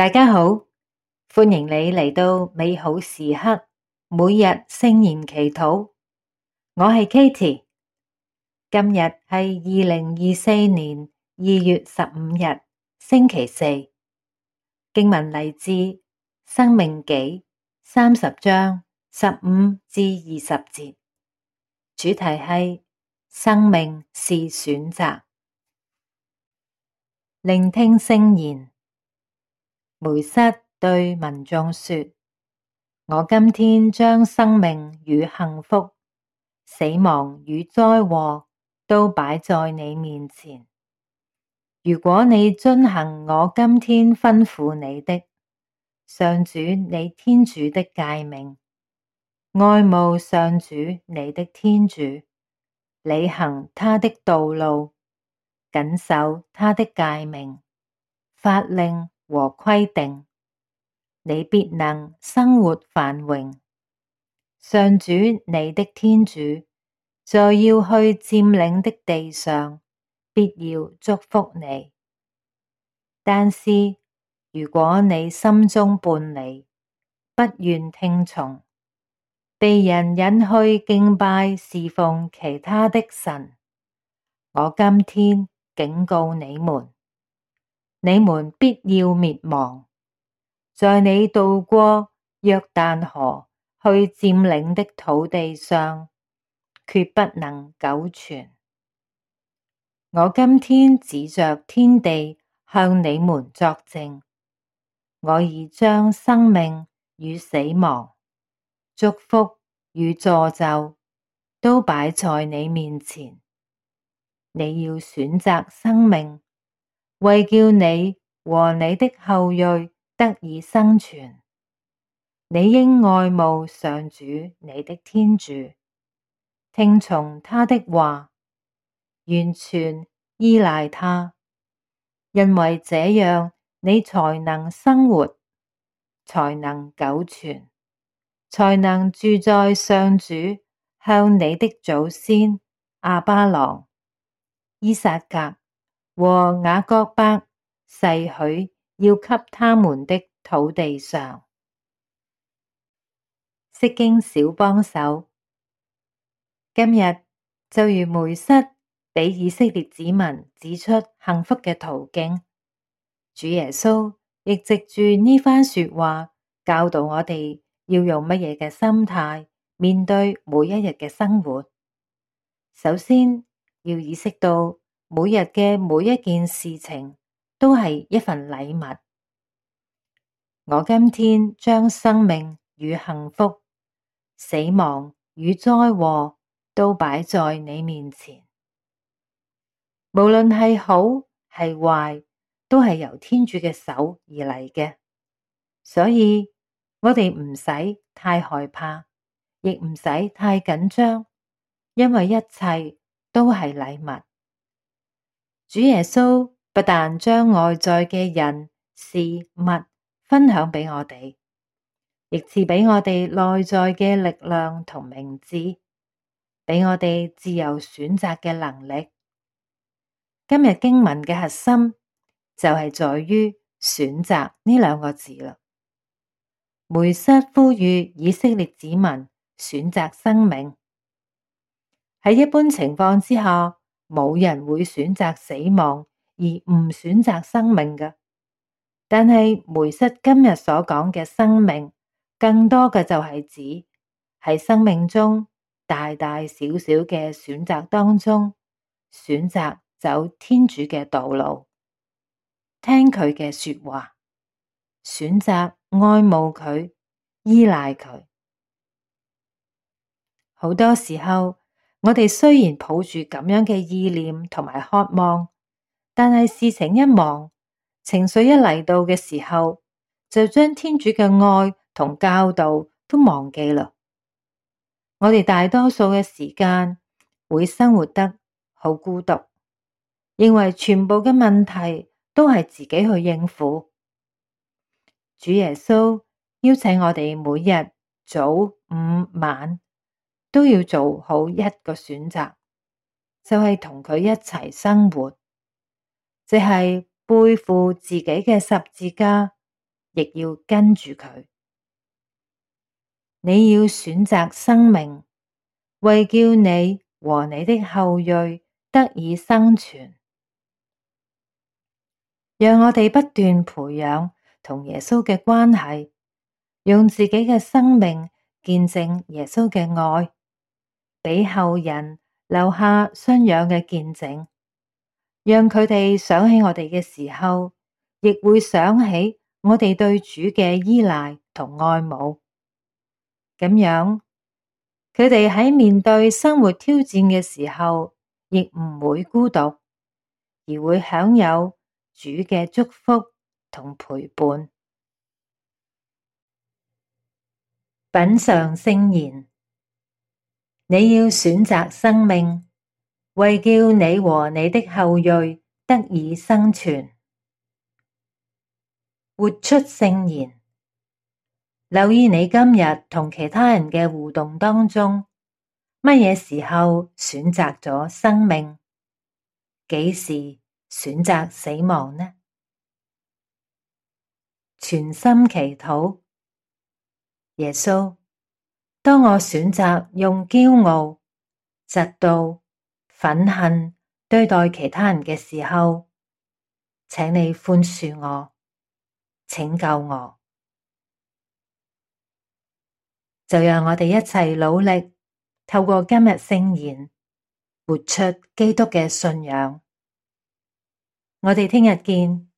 大家好，歡迎你嚟到美好時刻，每日聖言祈禱。我係 Katie，今日係二零二四年二月十五日星期四，經文嚟自《申命紀》三十章十五至二十節，主題係生命是選擇，聆聽聖言。梅瑟對民眾說：我今天將生命與幸福、死亡與災禍都擺在你面前。如果你遵行我今天吩咐你的，上主你天主的誡命，愛慕上主你的天主，履行他的道路，謹守他的誡命、法令。和規定，你必能生活繁榮。上主你的天主在要去佔領的地上，必要祝福你。但是，如果你心中叛離，不願聽從，被人引去敬拜侍奉其他的神，我今天警告你們。你們必要滅亡，在你渡過約旦河去佔領的土地上，決不能久存。我今天指着天地向你們作證，我已將生命與死亡、祝福與詛咒，都擺在你面前，你要選擇生命。為叫你和你的後裔得以生存，你應愛慕上主你的天主，聽從他的話，完全依賴他，因為這樣你才能生活，才能久存，才能住在上主向你的祖先亞巴郎、依撒格。和雅各伯誓許要給他們的土地上。釋經小幫手，今日就如梅瑟俾以色列子民指出幸福嘅途徑，主耶穌亦藉住呢番說話教導我哋要用乜嘢嘅心態面對每一日嘅生活。首先，要意識到，每日嘅每一件事情都係一份禮物。我今天將生命與幸福，死亡與災禍都擺在你面前，無論係好係壞，都係由天主嘅手而嚟嘅。所以我哋唔使太害怕，亦唔使太緊張，因為一切都係禮物。主耶穌不但將外在嘅人事物分享畀我哋，亦賜畀我哋內在嘅力量同明智，畀我哋自由選擇嘅能力。今日經文嘅核心就係在於選擇呢兩個字啦。梅瑟呼籲以色列子民選擇生命。喺一般情況之下，冇人會選擇死亡而唔選擇生命嘅，但係梅瑟今日所講嘅生命，更多嘅就係指喺生命中大大小小嘅選擇當中，選擇走天主嘅道路，聽佢嘅說話，選擇愛慕佢，依賴佢，好多時候。我哋雖然抱住咁樣嘅意念同埋渴望，但係事情一忙，情緒一嚟到嘅時候，就將天主嘅愛同教導都忘記啦。我哋大多數嘅時間會生活得好孤獨，認為全部嘅問題都係自己去應付。主耶穌邀請我哋每日早、午、晚。都要做好一個選擇，就係同佢一齊生活，即係背負自己嘅十字架，亦要跟住佢。你要選擇生命，為叫你和你的後裔得以生存，讓我哋不斷培養同耶穌嘅關係，用自己嘅生命見證耶穌嘅愛。畀後人留下信仰嘅見證，讓佢哋想起我哋嘅時候，亦會想起我哋對主嘅依賴同愛慕。咁樣，佢哋喺面對生活挑戰嘅時候，亦唔會孤獨，而會享有主嘅祝福同陪伴。品嘗聖言。你要選擇生命，為叫你和你的後裔得以生存，活出聖言。留意你今日同其他人嘅互動當中，乜嘢時候選擇咗生命？幾時選擇死亡呢？全心祈禱，耶穌。當我選擇用驕傲、嫉妒、憤恨對待其他人嘅時候，請你寬恕我，拯救我。就讓我哋一齊努力，透過今日聖言活出基督嘅信仰。我哋聽日見。